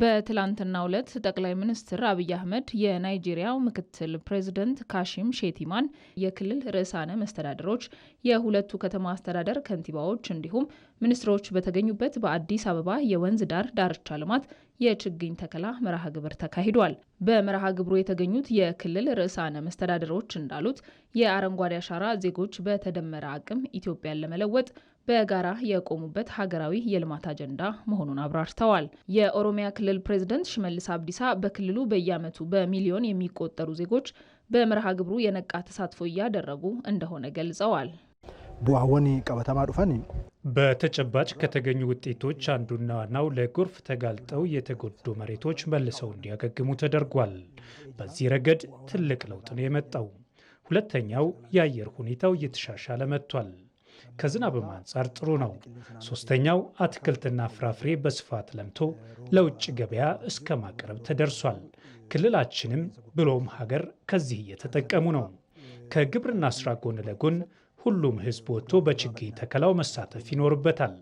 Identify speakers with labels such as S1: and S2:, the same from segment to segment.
S1: በትላንትና ዕለት ጠቅላይ ሚኒስትር አብይ አህመድ የናይጄሪያው ምክትል ፕሬዚደንት ካሺም ሼቲማን፣ የክልል ርዕሳነ መስተዳደሮች፣ የሁለቱ ከተማ አስተዳደር ከንቲባዎች እንዲሁም ሚኒስትሮች በተገኙበት በአዲስ አበባ የወንዝ ዳር ዳርቻ ልማት የችግኝ ተከላ መርሃ ግብር ተካሂዷል። በመርሃ ግብሩ የተገኙት የክልል ርዕሳነ መስተዳደሮች እንዳሉት የአረንጓዴ አሻራ ዜጎች በተደመረ አቅም ኢትዮጵያን ለመለወጥ በጋራ የቆሙበት ሀገራዊ የልማት አጀንዳ መሆኑን አብራርተዋል። የኦሮሚያ ክልል ፕሬዝደንት ሽመልስ አብዲሳ በክልሉ በየዓመቱ በሚሊዮን የሚቆጠሩ ዜጎች በመርሃ ግብሩ የነቃ ተሳትፎ እያደረጉ እንደሆነ ገልጸዋል።
S2: ቡአወኒ ቀበተማ ዱፈኒ
S3: በተጨባጭ ከተገኙ ውጤቶች አንዱና ዋናው ለጎርፍ ተጋልጠው የተጎዱ መሬቶች መልሰው እንዲያገግሙ ተደርጓል። በዚህ ረገድ ትልቅ ለውጥ ነው የመጣው። ሁለተኛው የአየር ሁኔታው እየተሻሻለ መጥቷል። ከዝናብም አንጻር ጥሩ ነው። ሶስተኛው አትክልትና ፍራፍሬ በስፋት ለምቶ ለውጭ ገበያ እስከ ማቅረብ ተደርሷል። ክልላችንም ብሎም ሀገር ከዚህ እየተጠቀሙ ነው። ከግብርና ስራ ጎን ለጎን ሁሉም ህዝብ ወጥቶ በችግኝ ተከላው መሳተፍ ይኖርበታል።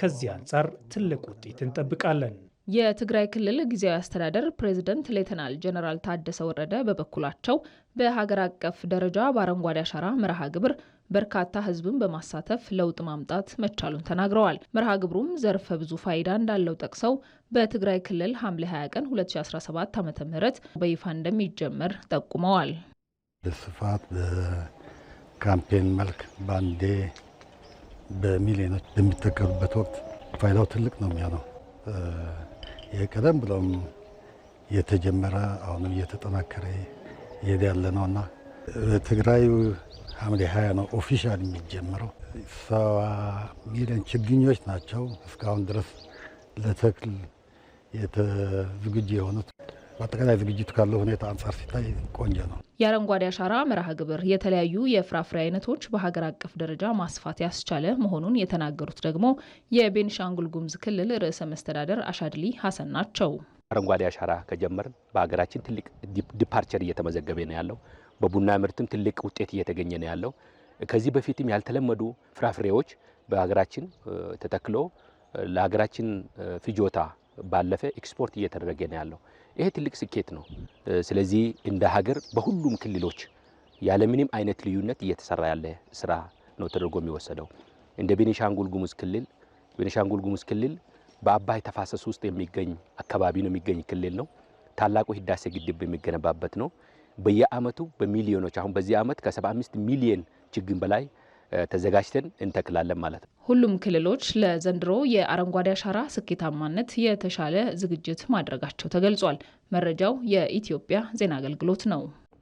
S3: ከዚህ አንጻር ትልቅ ውጤት እንጠብቃለን።
S1: የትግራይ ክልል ጊዜያዊ አስተዳደር ፕሬዝደንት ሌተናል ጀነራል ታደሰ ወረደ በበኩላቸው በሀገር አቀፍ ደረጃ በአረንጓዴ አሻራ መርሃ ግብር በርካታ ሕዝብን በማሳተፍ ለውጥ ማምጣት መቻሉን ተናግረዋል። መርሃ ግብሩም ዘርፈ ብዙ ፋይዳ እንዳለው ጠቅሰው በትግራይ ክልል ሐምሌ 20 ቀን 2017 ዓ ም በይፋ እንደሚጀመር ጠቁመዋል።
S4: በስፋት በካምፔን መልክ በአንዴ በሚሊዮኖች በሚተገሩበት ወቅት ፋይዳው ትልቅ ነው የሚሆነው። የቀደም ብሎም የተጀመረ አሁንም እየተጠናከረ እየሄደ ያለ ነው እና ትግራይ ሐምሌ ሀያ ነው ኦፊሻል የሚጀምረው። ሰባ ሚሊዮን ችግኞች ናቸው እስካሁን ድረስ ለተክል ዝግጁ የሆኑት በአጠቃላይ ዝግጅቱ ካለው ሁኔታ አንጻር ሲታይ ቆንጆ ነው።
S1: የአረንጓዴ አሻራ መርሃ ግብር የተለያዩ የፍራፍሬ አይነቶች በሀገር አቀፍ ደረጃ ማስፋት ያስቻለ መሆኑን የተናገሩት ደግሞ የቤኒሻንጉል ጉሙዝ ክልል ርዕሰ መስተዳደር አሻድሊ ሀሰን ናቸው።
S5: አረንጓዴ አሻራ ከጀመር በሀገራችን ትልቅ ዲፓርቸር እየተመዘገበ ነው ያለው። በቡና ምርትም ትልቅ ውጤት እየተገኘ ነው ያለው። ከዚህ በፊትም ያልተለመዱ ፍራፍሬዎች በሀገራችን ተተክሎ ለሀገራችን ፍጆታ ባለፈ ኤክስፖርት እየተደረገ ነው ያለው። ይሄ ትልቅ ስኬት ነው። ስለዚህ እንደ ሀገር በሁሉም ክልሎች ያለምንም አይነት ልዩነት እየተሰራ ያለ ስራ ነው ተደርጎ የሚወሰደው። እንደ ቤኒሻንጉል ጉሙዝ ክልል ቤኒሻንጉል ጉሙዝ ክልል በአባይ ተፋሰስ ውስጥ የሚገኝ አካባቢ ነው የሚገኝ ክልል ነው። ታላቁ ህዳሴ ግድብ የሚገነባበት ነው። በየአመቱ በሚሊዮኖች አሁን በዚህ አመት ከ75 ሚሊዮን ችግኝ በላይ ተዘጋጅተን እንተክላለን ማለት ነው።
S1: ሁሉም ክልሎች ለዘንድሮ የአረንጓዴ አሻራ ስኬታማነት የተሻለ ዝግጅት ማድረጋቸው ተገልጿል። መረጃው የኢትዮጵያ ዜና አገልግሎት ነው።